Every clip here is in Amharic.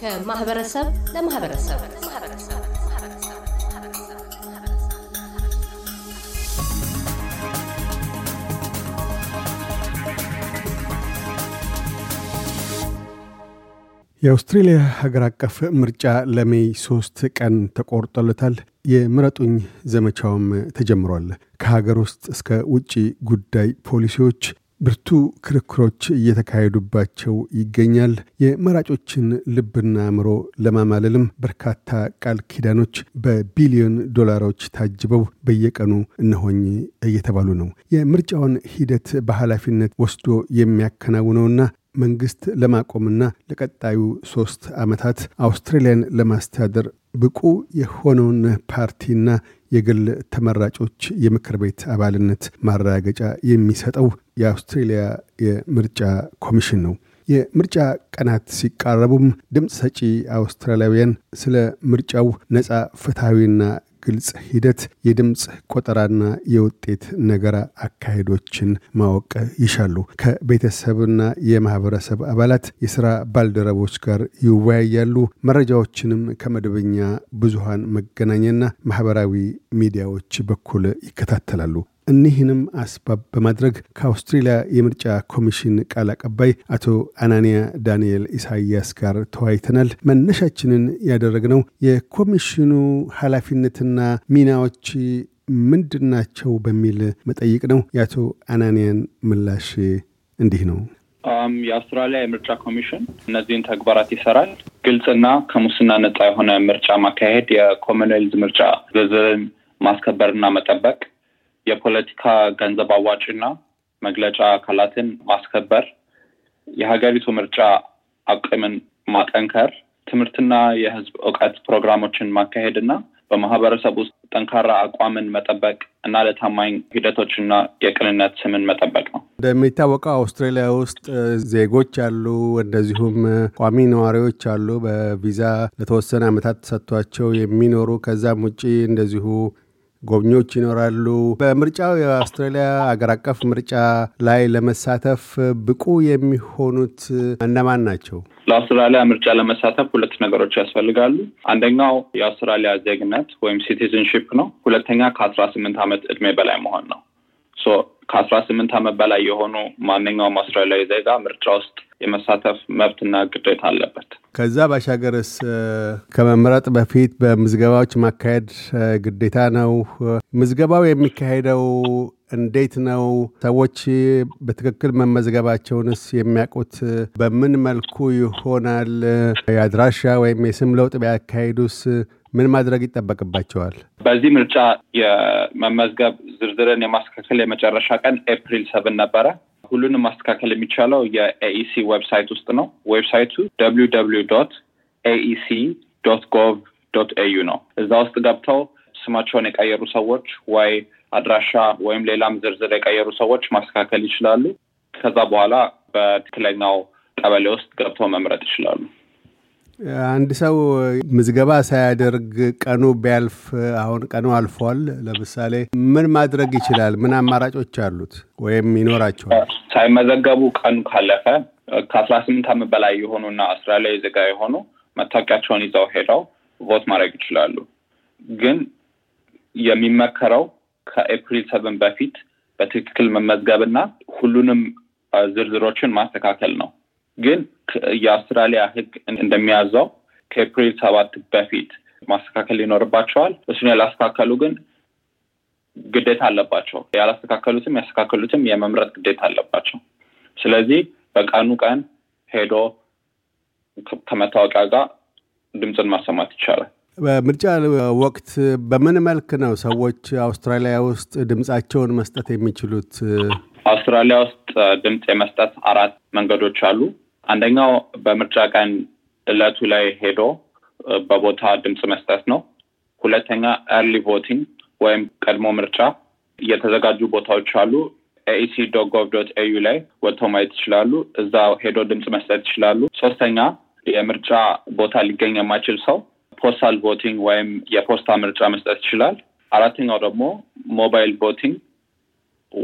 ከማህበረሰብ ለማህበረሰብ የአውስትሬልያ ሀገር አቀፍ ምርጫ ለሜይ ሶስት ቀን ተቆርጦለታል። የምረጡኝ ዘመቻውም ተጀምሯል። ከሀገር ውስጥ እስከ ውጭ ጉዳይ ፖሊሲዎች ብርቱ ክርክሮች እየተካሄዱባቸው ይገኛል። የመራጮችን ልብና አእምሮ ለማማለልም በርካታ ቃል ኪዳኖች በቢሊዮን ዶላሮች ታጅበው በየቀኑ እነሆኝ እየተባሉ ነው። የምርጫውን ሂደት በኃላፊነት ወስዶ የሚያከናውነውና መንግስት ለማቆምና ለቀጣዩ ሶስት ዓመታት አውስትራሊያን ለማስተዳደር ብቁ የሆነውን ፓርቲና የግል ተመራጮች የምክር ቤት አባልነት ማረጋገጫ የሚሰጠው የአውስትሬልያ የምርጫ ኮሚሽን ነው። የምርጫ ቀናት ሲቃረቡም ድምፅ ሰጪ አውስትራሊያውያን ስለ ምርጫው ነፃ፣ ፍትሐዊና ግልጽ ሂደት የድምፅ ቆጠራና የውጤት ነገራ አካሄዶችን ማወቅ ይሻሉ። ከቤተሰብና የማህበረሰብ አባላት፣ የስራ ባልደረቦች ጋር ይወያያሉ። መረጃዎችንም ከመደበኛ ብዙሃን መገናኛና ማህበራዊ ሚዲያዎች በኩል ይከታተላሉ። እኒህንም አስባብ በማድረግ ከአውስትሬልያ የምርጫ ኮሚሽን ቃል አቀባይ አቶ አናንያ ዳንኤል ኢሳያስ ጋር ተወያይተናል። መነሻችንን ያደረግነው የኮሚሽኑ ኃላፊነትና ሚናዎች ምንድናቸው በሚል መጠይቅ ነው። የአቶ አናንያን ምላሽ እንዲህ ነው። የአውስትራሊያ የምርጫ ኮሚሽን እነዚህን ተግባራት ይሰራል። ግልጽና ከሙስና ነጻ የሆነ ምርጫ ማካሄድ፣ የኮመንዌልዝ ምርጫ ዝርዝርን ማስከበርና መጠበቅ የፖለቲካ ገንዘብ አዋጭና መግለጫ አካላትን ማስከበር፣ የሀገሪቱ ምርጫ አቅምን ማጠንከር፣ ትምህርትና የህዝብ እውቀት ፕሮግራሞችን ማካሄድ እና በማህበረሰብ ውስጥ ጠንካራ አቋምን መጠበቅ እና ለታማኝ ሂደቶችና የቅንነት ስምን መጠበቅ ነው። እንደሚታወቀው አውስትራሊያ ውስጥ ዜጎች አሉ፣ እንደዚሁም ቋሚ ነዋሪዎች አሉ። በቪዛ ለተወሰነ ዓመታት ተሰጥቷቸው የሚኖሩ ከዛም ውጭ እንደዚሁ ጎብኚዎች ይኖራሉ። በምርጫው የአውስትራሊያ አገር አቀፍ ምርጫ ላይ ለመሳተፍ ብቁ የሚሆኑት እነማን ናቸው? ለአውስትራሊያ ምርጫ ለመሳተፍ ሁለት ነገሮች ያስፈልጋሉ። አንደኛው የአውስትራሊያ ዜግነት ወይም ሲቲዝንሺፕ ነው። ሁለተኛ ከአስራ ስምንት ዓመት እድሜ በላይ መሆን ነው። ከአስራ ስምንት ዓመት በላይ የሆኑ ማንኛውም አውስትራሊያዊ ዜጋ ምርጫ ውስጥ የመሳተፍ መብትና ግዴታ አለበት። ከዛ ባሻገርስ ከመምረጥ በፊት በምዝገባዎች ማካሄድ ግዴታ ነው። ምዝገባው የሚካሄደው እንዴት ነው? ሰዎች በትክክል መመዝገባቸውንስ የሚያውቁት በምን መልኩ ይሆናል? የአድራሻ ወይም የስም ለውጥ ቢያካሂዱስ ምን ማድረግ ይጠበቅባቸዋል? በዚህ ምርጫ የመመዝገብ ዝርዝርን የማስተካከል የመጨረሻ ቀን ኤፕሪል ሰብን ነበረ። ሁሉንም ማስተካከል የሚቻለው የኤኢሲ ዌብሳይት ውስጥ ነው። ዌብሳይቱ ኤኢሲ ዶት ጎቭ ዶት ኤዩ ነው። እዛ ውስጥ ገብተው ስማቸውን የቀየሩ ሰዎች ወይ አድራሻ ወይም ሌላም ዝርዝር የቀየሩ ሰዎች ማስተካከል ይችላሉ። ከዛ በኋላ በትክክለኛው ቀበሌ ውስጥ ገብተው መምረጥ ይችላሉ። አንድ ሰው ምዝገባ ሳያደርግ ቀኑ ቢያልፍ፣ አሁን ቀኑ አልፏል፣ ለምሳሌ ምን ማድረግ ይችላል? ምን አማራጮች አሉት ወይም ይኖራቸዋል? ሳይመዘገቡ ቀኑ ካለፈ ከአስራ ስምንት ዓመት በላይ የሆኑና አውስትራሊያዊ ዜጋ የሆኑ መታወቂያቸውን ይዘው ሄደው ቮት ማድረግ ይችላሉ። ግን የሚመከረው ከኤፕሪል ሰብን በፊት በትክክል መመዝገብና ሁሉንም ዝርዝሮችን ማስተካከል ነው። ግን የአውስትራሊያ ህግ እንደሚያዘው ከኤፕሪል ሰባት በፊት ማስተካከል ይኖርባቸዋል። እሱን ያላስተካከሉ ግን ግዴታ አለባቸው። ያላስተካከሉትም ያስተካከሉትም የመምረጥ ግዴታ አለባቸው። ስለዚህ በቀኑ ቀን ሄዶ ከመታወቂያ ጋር ድምፅን ማሰማት ይቻላል። በምርጫ ወቅት በምን መልክ ነው ሰዎች አውስትራሊያ ውስጥ ድምፃቸውን መስጠት የሚችሉት? አውስትራሊያ ውስጥ ድምፅ የመስጠት አራት መንገዶች አሉ። አንደኛው በምርጫ ቀን እለቱ ላይ ሄዶ በቦታ ድምፅ መስጠት ነው። ሁለተኛ ኤርሊ ቮቲንግ ወይም ቀድሞ ምርጫ የተዘጋጁ ቦታዎች አሉ። ኤኢሲ ዶት ጎቭ ኤዩ ላይ ወጥተው ማየት ይችላሉ። እዛ ሄዶ ድምፅ መስጠት ይችላሉ። ሶስተኛ የምርጫ ቦታ ሊገኝ የማይችል ሰው ፖስታል ቮቲንግ ወይም የፖስታ ምርጫ መስጠት ይችላል። አራተኛው ደግሞ ሞባይል ቮቲንግ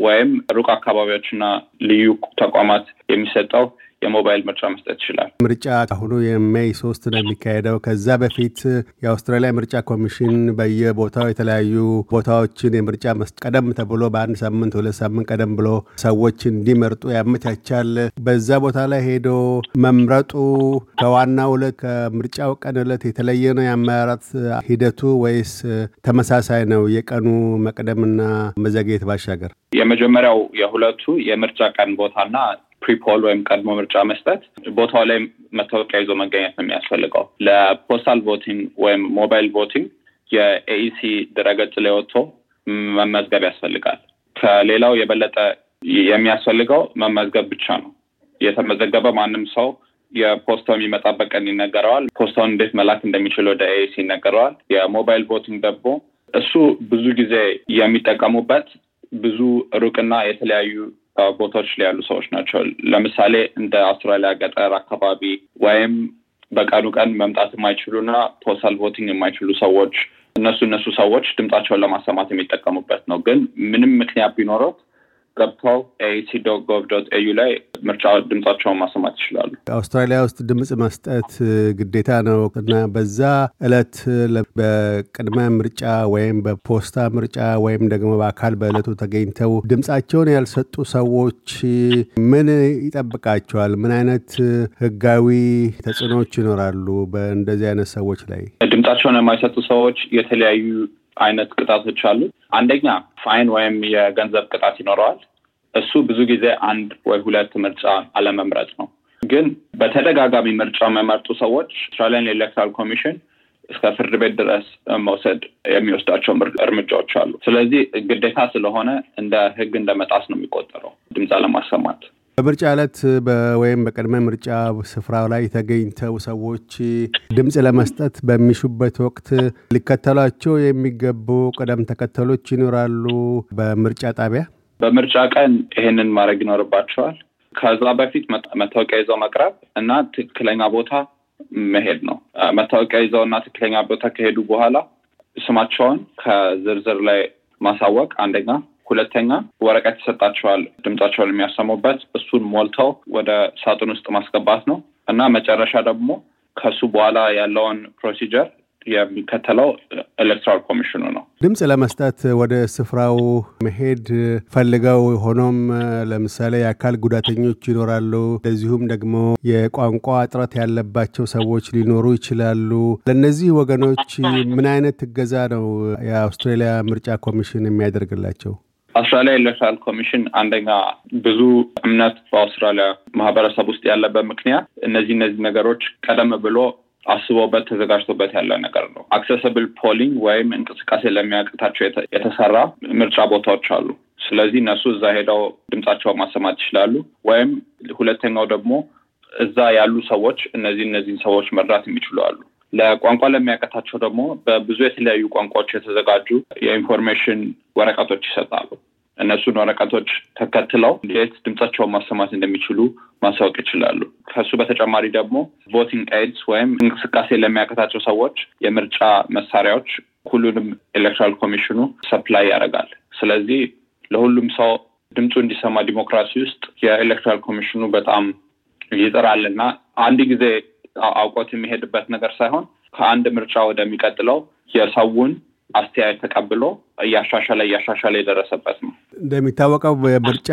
ወይም ሩቅ አካባቢዎችና ልዩ ተቋማት የሚሰጠው የሞባይል ምርጫ መስጠት ይችላል። ምርጫ አሁኑ የሜይ ሶስት ነው የሚካሄደው። ከዛ በፊት የአውስትራሊያ ምርጫ ኮሚሽን በየቦታው የተለያዩ ቦታዎችን የምርጫ ቀደም ተብሎ በአንድ ሳምንት ሁለት ሳምንት ቀደም ብሎ ሰዎች እንዲመርጡ ያመቻቻል። በዛ ቦታ ላይ ሄዶ መምረጡ ከዋናው ዕለት ከምርጫው ቀን ዕለት የተለየ ነው የአመራራት ሂደቱ ወይስ ተመሳሳይ ነው? የቀኑ መቅደምና መዘግየት ባሻገር የመጀመሪያው የሁለቱ የምርጫ ቀን ቦታና ፕሪፖል ወይም ቀድሞ ምርጫ መስጠት፣ ቦታው ላይ መታወቂያ ይዞ መገኘት ነው የሚያስፈልገው። ለፖስታል ቮቲንግ ወይም ሞባይል ቮቲንግ የኤኢሲ ድረገጽ ላይ ወጥቶ መመዝገብ ያስፈልጋል። ከሌላው የበለጠ የሚያስፈልገው መመዝገብ ብቻ ነው። የተመዘገበ ማንም ሰው የፖስታው የሚመጣበት ቀን ይነገረዋል። ፖስታውን እንዴት መላክ እንደሚችል ወደ ኤኢሲ ይነገረዋል። የሞባይል ቮቲንግ ደግሞ እሱ ብዙ ጊዜ የሚጠቀሙበት ብዙ ሩቅና የተለያዩ ቦታዎች ላይ ያሉ ሰዎች ናቸው። ለምሳሌ እንደ አውስትራሊያ ገጠር አካባቢ ወይም በቀኑ ቀን መምጣት የማይችሉና ፖስታል ቮቲንግ የማይችሉ ሰዎች እነሱ እነሱ ሰዎች ድምጣቸውን ለማሰማት የሚጠቀሙበት ነው። ግን ምንም ምክንያት ቢኖረው ገብተው ኤሲ ጎቭ ኤዩ ላይ ምርጫ ድምጻቸውን ማሰማት ይችላሉ። አውስትራሊያ ውስጥ ድምፅ መስጠት ግዴታ ነው እና በዛ እለት በቅድመ ምርጫ ወይም በፖስታ ምርጫ ወይም ደግሞ በአካል በእለቱ ተገኝተው ድምፃቸውን ያልሰጡ ሰዎች ምን ይጠብቃቸዋል? ምን አይነት ህጋዊ ተጽዕኖዎች ይኖራሉ በእንደዚህ አይነት ሰዎች ላይ? ድምጻቸውን የማይሰጡ ሰዎች የተለያዩ አይነት ቅጣቶች አሉ። አንደኛ ፋይን ወይም የገንዘብ ቅጣት ይኖረዋል። እሱ ብዙ ጊዜ አንድ ወይ ሁለት ምርጫ አለመምረጥ ነው። ግን በተደጋጋሚ ምርጫ የሚመርጡ ሰዎች አውስትራሊያን ኤሌክትራል ኮሚሽን እስከ ፍርድ ቤት ድረስ መውሰድ የሚወስዳቸው እርምጃዎች አሉ። ስለዚህ ግዴታ ስለሆነ እንደ ሕግ እንደመጣስ ነው የሚቆጠረው ድምፅ ለማሰማት በምርጫ ዕለት ወይም በቅድመ ምርጫ ስፍራ ላይ ተገኝተው ሰዎች ድምፅ ለመስጠት በሚሹበት ወቅት ሊከተሏቸው የሚገቡ ቅደም ተከተሎች ይኖራሉ። በምርጫ ጣቢያ በምርጫ ቀን ይሄንን ማድረግ ይኖርባቸዋል። ከዛ በፊት መታወቂያ ይዘው መቅረብ እና ትክክለኛ ቦታ መሄድ ነው። መታወቂያ ይዘው እና ትክክለኛ ቦታ ከሄዱ በኋላ ስማቸውን ከዝርዝር ላይ ማሳወቅ አንደኛ ሁለተኛ ወረቀት ይሰጣቸዋል፣ ድምጻቸውን የሚያሰሙበት እሱን ሞልተው ወደ ሳጥን ውስጥ ማስገባት ነው እና መጨረሻ ደግሞ ከሱ በኋላ ያለውን ፕሮሲጀር የሚከተለው ኤሌክትራል ኮሚሽኑ ነው። ድምፅ ለመስጠት ወደ ስፍራው መሄድ ፈልገው ሆኖም ለምሳሌ የአካል ጉዳተኞች ይኖራሉ፣ እንደዚሁም ደግሞ የቋንቋ እጥረት ያለባቸው ሰዎች ሊኖሩ ይችላሉ። ለእነዚህ ወገኖች ምን አይነት እገዛ ነው የአውስትራሊያ ምርጫ ኮሚሽን የሚያደርግላቸው? አውስትራሊያ ኤሌክትራል ኮሚሽን አንደኛ ብዙ እምነት በአውስትራሊያ ማህበረሰብ ውስጥ ያለበት ምክንያት እነዚህ እነዚህ ነገሮች ቀደም ብሎ አስቦበት ተዘጋጅቶበት ያለ ነገር ነው። አክሰስብል ፖሊንግ ወይም እንቅስቃሴ ለሚያቅታቸው የተሰራ ምርጫ ቦታዎች አሉ። ስለዚህ እነሱ እዛ ሄደው ድምጻቸው ማሰማት ይችላሉ። ወይም ሁለተኛው ደግሞ እዛ ያሉ ሰዎች እነዚህ እነዚህን ሰዎች መድራት የሚችሉ አሉ። ለቋንቋ ለሚያቀታቸው ደግሞ በብዙ የተለያዩ ቋንቋዎች የተዘጋጁ የኢንፎርሜሽን ወረቀቶች ይሰጣሉ። እነሱን ወረቀቶች ተከትለው እንዴት ድምጻቸውን ማሰማት እንደሚችሉ ማሳወቅ ይችላሉ። ከሱ በተጨማሪ ደግሞ ቮቲንግ ኤድስ ወይም እንቅስቃሴ ለሚያቀታቸው ሰዎች የምርጫ መሳሪያዎች ሁሉንም ኤሌክትራል ኮሚሽኑ ሰፕላይ ያደርጋል። ስለዚህ ለሁሉም ሰው ድምፁ እንዲሰማ ዲሞክራሲ ውስጥ የኤሌክትራል ኮሚሽኑ በጣም ይጥራል እና አንድ ጊዜ አውቆት የሚሄድበት ነገር ሳይሆን ከአንድ ምርጫ ወደሚቀጥለው የሰውን አስተያየት ተቀብሎ እያሻሻለ እያሻሻለ የደረሰበት ነው። እንደሚታወቀው ምርጫ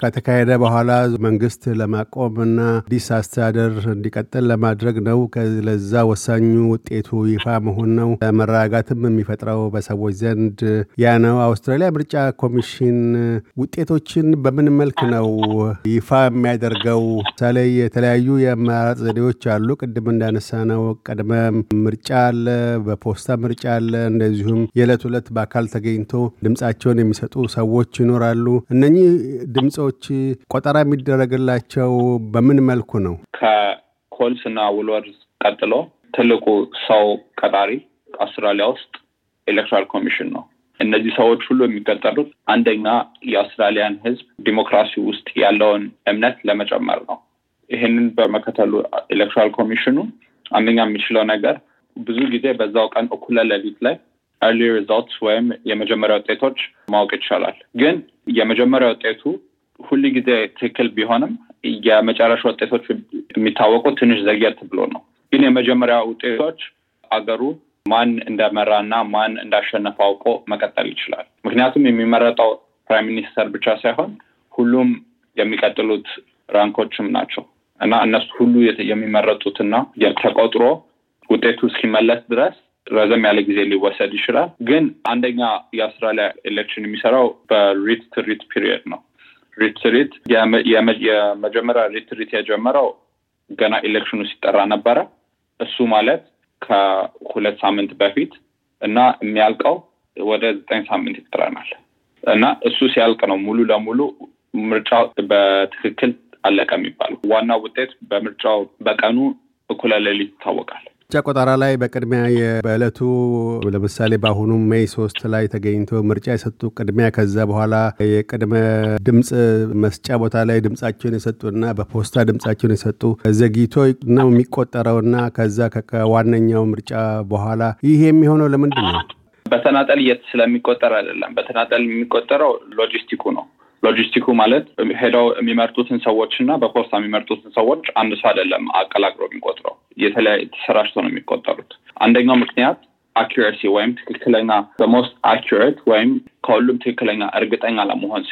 ከተካሄደ በኋላ መንግስት ለማቆምና አዲስ አስተዳደር እንዲቀጥል ለማድረግ ነው። ለዛ ወሳኙ ውጤቱ ይፋ መሆን ነው። መረጋጋትም የሚፈጥረው በሰዎች ዘንድ ያ ነው። አውስትራሊያ ምርጫ ኮሚሽን ውጤቶችን በምን መልክ ነው ይፋ የሚያደርገው? ምሳሌ የተለያዩ የአማራጭ ዘዴዎች አሉ። ቅድም እንዳነሳ ነው ቅድመ ምርጫ አለ፣ በፖስታ ምርጫ አለ፣ እንደዚሁም የዕለት ዕለት በአካል ተገኝቶ ድምፃቸውን የሚሰጡ ሰዎች ይኖራሉ። እነኚህ ድምፆች ቆጠራ የሚደረግላቸው በምን መልኩ ነው? ከኮልስ እና ውልወርዝ ቀጥሎ ትልቁ ሰው ቀጣሪ አውስትራሊያ ውስጥ ኤሌክትራል ኮሚሽን ነው። እነዚህ ሰዎች ሁሉ የሚቀጠሩት አንደኛ የአውስትራሊያን ሕዝብ ዲሞክራሲ ውስጥ ያለውን እምነት ለመጨመር ነው። ይህንን በመከተሉ ኤሌክትራል ኮሚሽኑ አንደኛ የሚችለው ነገር ብዙ ጊዜ በዛው ቀን እኩለ ሌሊት ላይ ኤርሊ ሪዛልትስ ወይም የመጀመሪያ ውጤቶች ማወቅ ይቻላል። ግን የመጀመሪያ ውጤቱ ሁል ጊዜ ትክክል ቢሆንም የመጨረሻ ውጤቶች የሚታወቁ ትንሽ ዘግየት ብሎ ነው። ግን የመጀመሪያ ውጤቶች አገሩ ማን እንደመራና ማን እንዳሸነፈ አውቆ መቀጠል ይችላል። ምክንያቱም የሚመረጠው ፕራይም ሚኒስተር ብቻ ሳይሆን ሁሉም የሚቀጥሉት ራንኮችም ናቸው እና እነሱ ሁሉ የሚመረጡትና ተቆጥሮ ውጤቱ እስኪመለስ ድረስ ረዘም ያለ ጊዜ ሊወሰድ ይችላል። ግን አንደኛ የአውስትራሊያ ኤሌክሽን የሚሰራው በሪት ትሪት ፒሪየድ ነው። ሪት ትሪት የመጀመሪያ ሪት ትሪት የጀመረው ገና ኤሌክሽኑ ሲጠራ ነበረ። እሱ ማለት ከሁለት ሳምንት በፊት እና የሚያልቀው ወደ ዘጠኝ ሳምንት ይጠረናል እና እሱ ሲያልቅ ነው ሙሉ ለሙሉ ምርጫው በትክክል አለቀ የሚባለው። ዋና ውጤት በምርጫው በቀኑ እኩለ ሌሊት ይታወቃል። ምርጫ ቆጠራ ላይ በቅድሚያ በዕለቱ ለምሳሌ በአሁኑ ሜይ ሶስት ላይ ተገኝቶ ምርጫ የሰጡ ቅድሚያ ከዛ በኋላ የቅድመ ድምፅ መስጫ ቦታ ላይ ድምፃቸውን የሰጡና በፖስታ ድምፃቸውን የሰጡ ዘግይቶ ነው የሚቆጠረውና ከዛ ከዋነኛው ምርጫ በኋላ ይህ የሚሆነው ለምንድን ነው? በተናጠል የት ስለሚቆጠር አይደለም። በተናጠል የሚቆጠረው ሎጂስቲኩ ነው። ሎጂስቲኩ ማለት ሄደው የሚመርጡትን ሰዎች እና በፖስታ የሚመርጡትን ሰዎች አንድ ሰው አይደለም አቀላቅሎ የሚቆጥረው የተለያዩ ተሰራጭቶ ነው የሚቆጠሩት። አንደኛው ምክንያት አኪሬሲ ወይም ትክክለኛ በሞስት አኪሬት ወይም ከሁሉም ትክክለኛ እርግጠኛ ለመሆን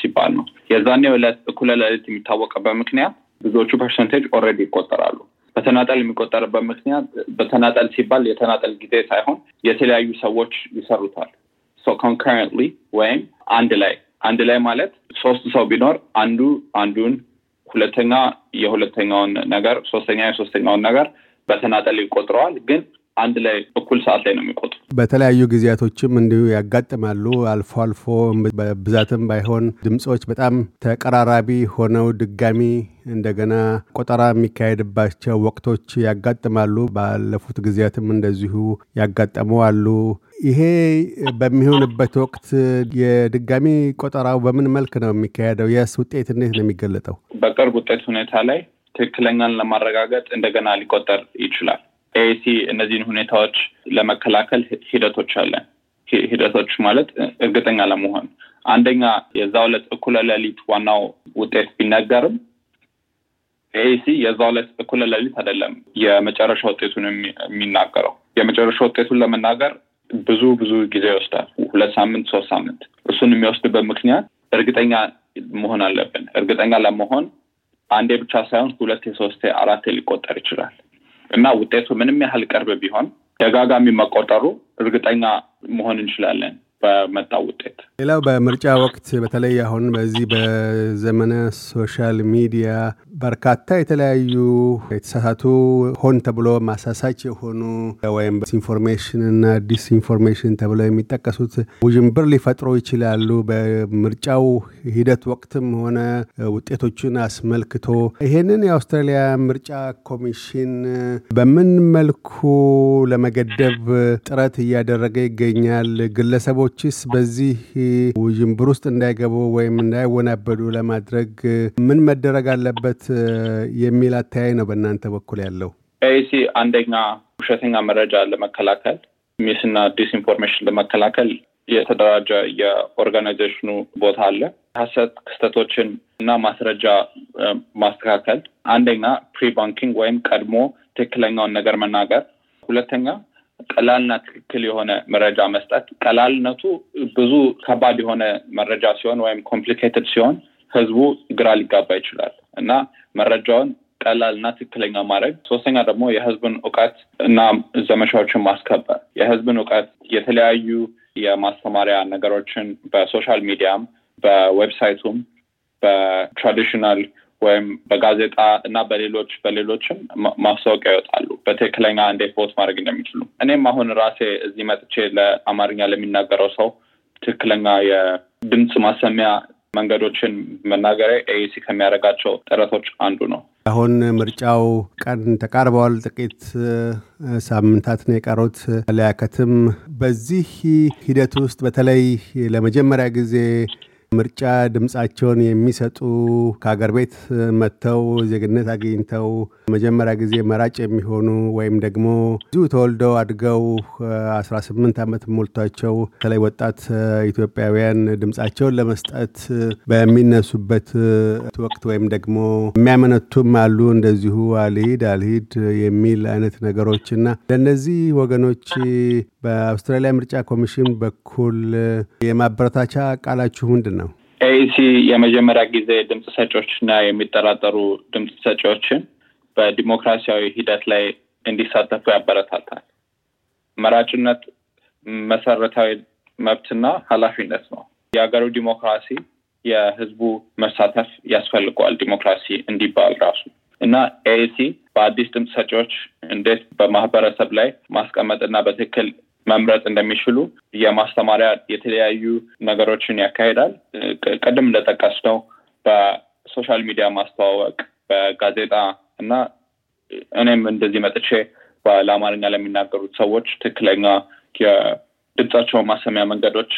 ሲባል ነው። የዛኔው ዕለት እኩለ ሌሊት የሚታወቅበት ምክንያት ብዙዎቹ ፐርሰንቴጅ ኦረዲ ይቆጠራሉ። በተናጠል የሚቆጠርበት ምክንያት በተናጠል ሲባል የተናጠል ጊዜ ሳይሆን የተለያዩ ሰዎች ይሰሩታል ኮንረንት ወይም አንድ ላይ አንድ ላይ ማለት ሶስት ሰው ቢኖር አንዱ አንዱን ሁለተኛ የሁለተኛውን ነገር ሶስተኛ የሶስተኛውን ነገር በተናጠል ይቆጥረዋል። ግን አንድ ላይ እኩል ሰዓት ላይ ነው የሚቆጡ። በተለያዩ ጊዜያቶችም እንዲሁ ያጋጥማሉ። አልፎ አልፎ በብዛትም ባይሆን ድምፆች በጣም ተቀራራቢ ሆነው ድጋሚ እንደገና ቆጠራ የሚካሄድባቸው ወቅቶች ያጋጥማሉ። ባለፉት ጊዜያትም እንደዚሁ ያጋጠሙ አሉ። ይሄ በሚሆንበት ወቅት የድጋሚ ቆጠራው በምን መልክ ነው የሚካሄደው? የስ ውጤት እንዴት ነው የሚገለጠው? በቅርብ ውጤት ሁኔታ ላይ ትክክለኛን ለማረጋገጥ እንደገና ሊቆጠር ይችላል። ኤሲ እነዚህን ሁኔታዎች ለመከላከል ሂደቶች አለን። ሂደቶች ማለት እርግጠኛ ለመሆን አንደኛ የዛ ዕለት እኩለ ሌሊት ዋናው ውጤት ቢነገርም ኤሲ የዛ ዕለት እኩለ ሌሊት አይደለም የመጨረሻ ውጤቱን የሚናገረው። የመጨረሻ ውጤቱን ለመናገር ብዙ ብዙ ጊዜ ይወስዳል። ሁለት ሳምንት፣ ሶስት ሳምንት። እሱን የሚወስድበት ምክንያት እርግጠኛ መሆን አለብን። እርግጠኛ ለመሆን አንዴ ብቻ ሳይሆን ሁለቴ፣ ሶስቴ፣ አራቴ ሊቆጠር ይችላል። እና ውጤቱ ምንም ያህል ቅርብ ቢሆን ደጋጋሚ መቆጠሩ እርግጠኛ መሆን እንችላለን። በመጣው ውጤት። ሌላው በምርጫ ወቅት በተለይ አሁን በዚህ በዘመነ ሶሻል ሚዲያ በርካታ የተለያዩ የተሳሳቱ ሆን ተብሎ ማሳሳች የሆኑ ወይም ኢንፎርሜሽን እና ዲስኢንፎርሜሽን ተብለው የሚጠቀሱት ውዥንብር ሊፈጥሩ ይችላሉ። በምርጫው ሂደት ወቅትም ሆነ ውጤቶችን አስመልክቶ ይሄንን የአውስትራሊያ ምርጫ ኮሚሽን በምን መልኩ ለመገደብ ጥረት እያደረገ ይገኛል? ግለሰቦች ሰዎችስ በዚህ ውዥንብር ውስጥ እንዳይገቡ ወይም እንዳይወናበዱ ለማድረግ ምን መደረግ አለበት የሚል አተያይ ነው በእናንተ በኩል ያለው? ኤሲ አንደኛ ውሸተኛ መረጃ ለመከላከል ሚስና ዲስኢንፎርሜሽን ለመከላከል የተደራጀ የኦርጋናይዜሽኑ ቦታ አለ። ሀሰት ክስተቶችን እና ማስረጃ ማስተካከል አንደኛ ፕሪ ባንኪንግ ወይም ቀድሞ ትክክለኛውን ነገር መናገር፣ ሁለተኛ ቀላልና ትክክል የሆነ መረጃ መስጠት ቀላልነቱ ብዙ ከባድ የሆነ መረጃ ሲሆን ወይም ኮምፕሊኬትድ ሲሆን ህዝቡ ግራ ሊጋባ ይችላል እና መረጃውን ቀላልና ትክክለኛ ማድረግ። ሶስተኛ ደግሞ የህዝብን እውቀት እና ዘመቻዎችን ማስከበር የህዝብን እውቀት የተለያዩ የማስተማሪያ ነገሮችን በሶሻል ሚዲያም በዌብሳይቱም በትራዲሽናል ወይም በጋዜጣ እና በሌሎች በሌሎችም ማስታወቂያ ይወጣሉ በትክክለኛ እንዴት ቦት ማድረግ እንደሚችሉ። እኔም አሁን ራሴ እዚህ መጥቼ ለአማርኛ ለሚናገረው ሰው ትክክለኛ የድምፅ ማሰሚያ መንገዶችን መናገሪያ ኤሲ ከሚያደርጋቸው ጥረቶች አንዱ ነው። አሁን ምርጫው ቀን ተቃርበዋል። ጥቂት ሳምንታት ነው የቀሩት ለያከትም በዚህ ሂደት ውስጥ በተለይ ለመጀመሪያ ጊዜ ምርጫ ድምፃቸውን የሚሰጡ ከሀገር ቤት መጥተው ዜግነት አግኝተው መጀመሪያ ጊዜ መራጭ የሚሆኑ ወይም ደግሞ ብዙ ተወልደው አድገው 18 ዓመት ሞልቷቸው በተለይ ወጣት ኢትዮጵያውያን ድምፃቸውን ለመስጠት በሚነሱበት ወቅት ወይም ደግሞ የሚያመነቱም አሉ እንደዚሁ አልሂድ አልሂድ የሚል አይነት ነገሮች እና ለእነዚህ ወገኖች በአውስትራሊያ ምርጫ ኮሚሽን በኩል የማበረታቻ ቃላችሁ ምንድን ነው? ኤኢሲ የመጀመሪያ ጊዜ ድምፅ ሰጪዎችና የሚጠራጠሩ ድምፅ ሰጪዎችን በዲሞክራሲያዊ ሂደት ላይ እንዲሳተፉ ያበረታታል። መራጭነት መሰረታዊ መብትና ኃላፊነት ነው። የሀገሩ ዲሞክራሲ የህዝቡ መሳተፍ ያስፈልገዋል። ዲሞክራሲ እንዲባል ራሱ እና ኤኢሲ በአዲስ ድምፅ ሰጪዎች እንዴት በማህበረሰብ ላይ ማስቀመጥና በትክክል መምረጥ እንደሚችሉ የማስተማሪያ የተለያዩ ነገሮችን ያካሂዳል። ቅድም ነው በሶሻል ሚዲያ ማስተዋወቅ፣ በጋዜጣ እና እኔም እንደዚህ መጥቼ ለአማርኛ ለሚናገሩት ሰዎች ትክክለኛ የድምጻቸውን ማሰሚያ መንገዶች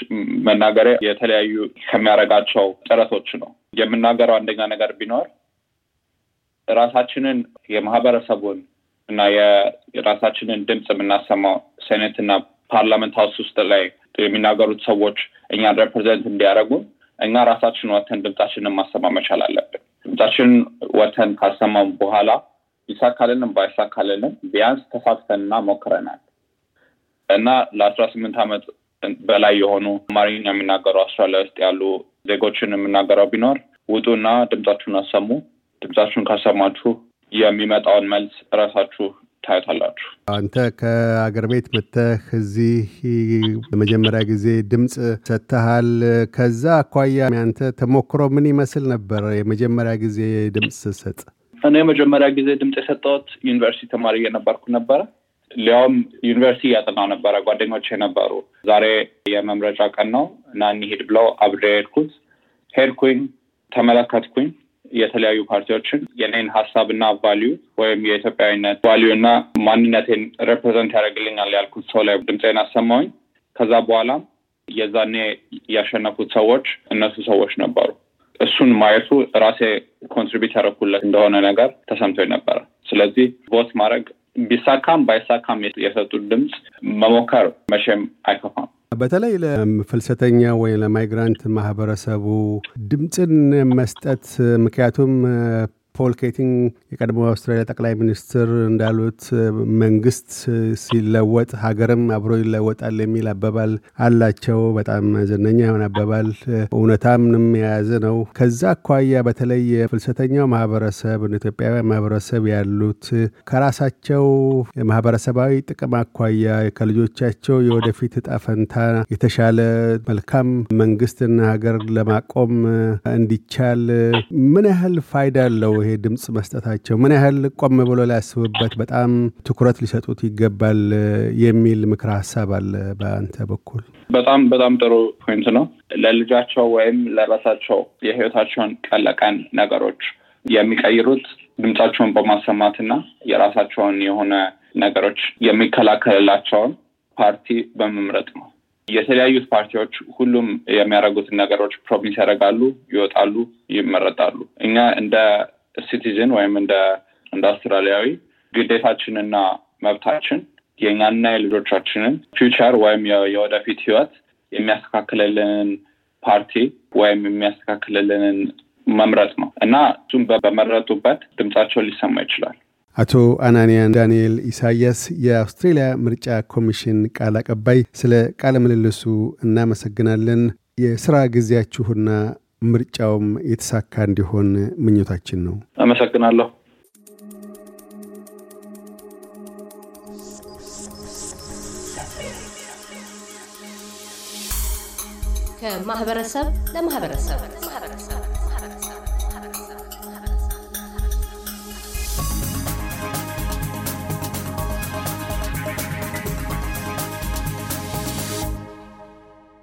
መናገሪያ የተለያዩ ከሚያደርጋቸው ጥረቶች ነው። የምናገረው አንደኛ ነገር ቢኖር ራሳችንን የማህበረሰቡን እና የራሳችንን ድምፅ የምናሰማው ሴኔትና ፓርላመንት ሀውስ ውስጥ ላይ የሚናገሩት ሰዎች እኛን ሬፕሬዘንት እንዲያደረጉን እኛ ራሳችን ወተን ድምጻችንን ማሰማ መቻል አለብን። ድምጻችን ወተን ካሰማም በኋላ ይሳካልንም ባይሳካልንም ቢያንስ ተሳትፈንና ሞክረናል እና ለአስራ ስምንት ዓመት በላይ የሆኑ አማርኛ የሚናገሩ አውስትራሊያ ውስጥ ያሉ ዜጎችን የምናገረው ቢኖር ውጡና ድምጻችሁን አሰሙ። ድምጻችሁን ካሰማችሁ የሚመጣውን መልስ ራሳችሁ ታዩታላችሁ። አንተ ከአገር ቤት መጥተህ እዚህ ለመጀመሪያ ጊዜ ድምፅ ሰጥተሃል። ከዛ አኳያ ያንተ ተሞክሮ ምን ይመስል ነበር? የመጀመሪያ ጊዜ ድምፅ ስሰጥ እኔ የመጀመሪያ ጊዜ ድምፅ የሰጠሁት ዩኒቨርሲቲ ተማሪ እየነበርኩ ነበረ። ሊያውም ዩኒቨርሲቲ እያጠናሁ ነበረ። ጓደኞች የነበሩ ዛሬ የመምረጫ ቀን ነው እና እንሂድ ብለው አብሬ ሄድኩት። ሄድኩኝ፣ ተመለከትኩኝ የተለያዩ ፓርቲዎችን የኔን ሀሳብና ቫሊዩ ወይም የኢትዮጵያዊነት ቫሊዩ እና ማንነቴን ሬፕሬዘንት ያደርግልኛል ያልኩት ሰው ላይ ድምፄን አሰማውኝ። ከዛ በኋላም የዛኔ ያሸነፉት ሰዎች እነሱ ሰዎች ነበሩ። እሱን ማየቱ ራሴ ኮንትሪቢዩት ያደረኩለት እንደሆነ ነገር ተሰምቶኝ ነበረ። ስለዚህ ቦት ማድረግ ቢሳካም ባይሳካም የሰጡት ድምፅ መሞከር መቼም አይከፋም። በተለይ ለፍልሰተኛ ወይም ለማይግራንት ማህበረሰቡ ድምፅን መስጠት ምክንያቱም ፖል ኬቲንግ የቀድሞ የአውስትራሊያ ጠቅላይ ሚኒስትር እንዳሉት መንግስት ሲለወጥ ሀገርም አብሮ ይለወጣል የሚል አባባል አላቸው። በጣም ዝነኛ የሆነ አባባል እውነታምንም የያዘ ነው። ከዛ አኳያ በተለይ የፍልሰተኛው ማህበረሰብ ኢትዮጵያውያን ማህበረሰብ ያሉት ከራሳቸው ማህበረሰባዊ ጥቅም አኳያ ከልጆቻቸው የወደፊት እጣ ፈንታ የተሻለ መልካም መንግስትና ሀገር ለማቆም እንዲቻል ምን ያህል ፋይዳ አለው? ይሄ ድምፅ መስጠታቸው ምን ያህል ቆም ብሎ ሊያስቡበት በጣም ትኩረት ሊሰጡት ይገባል የሚል ምክራ ሀሳብ አለ በአንተ በኩል? በጣም በጣም ጥሩ ፖይንት ነው። ለልጃቸው ወይም ለራሳቸው የህይወታቸውን ቀን ለቀን ነገሮች የሚቀይሩት ድምፃቸውን በማሰማትና የራሳቸውን የሆነ ነገሮች የሚከላከልላቸውን ፓርቲ በመምረጥ ነው። የተለያዩት ፓርቲዎች ሁሉም የሚያደርጉትን ነገሮች ፕሮሚስ ያደርጋሉ፣ ይወጣሉ፣ ይመረጣሉ። እኛ እንደ ሲቲዝን ወይም እንደ እንደ አውስትራሊያዊ ግዴታችንና መብታችን የእኛና የልጆቻችንን ፊውቸር ወይም የወደፊት ህይወት የሚያስተካክልልንን ፓርቲ ወይም የሚያስተካክልልንን መምረጥ ነው እና እሱም በመረጡበት ድምጻቸው ሊሰማ ይችላል። አቶ አናንያን ዳንኤል ኢሳያስ የአውስትሬልያ ምርጫ ኮሚሽን ቃል አቀባይ፣ ስለ ቃለ ምልልሱ እናመሰግናለን። የስራ ጊዜያችሁና ምርጫውም የተሳካ እንዲሆን ምኞታችን ነው። አመሰግናለሁ። ከማህበረሰብ ለማህበረሰብ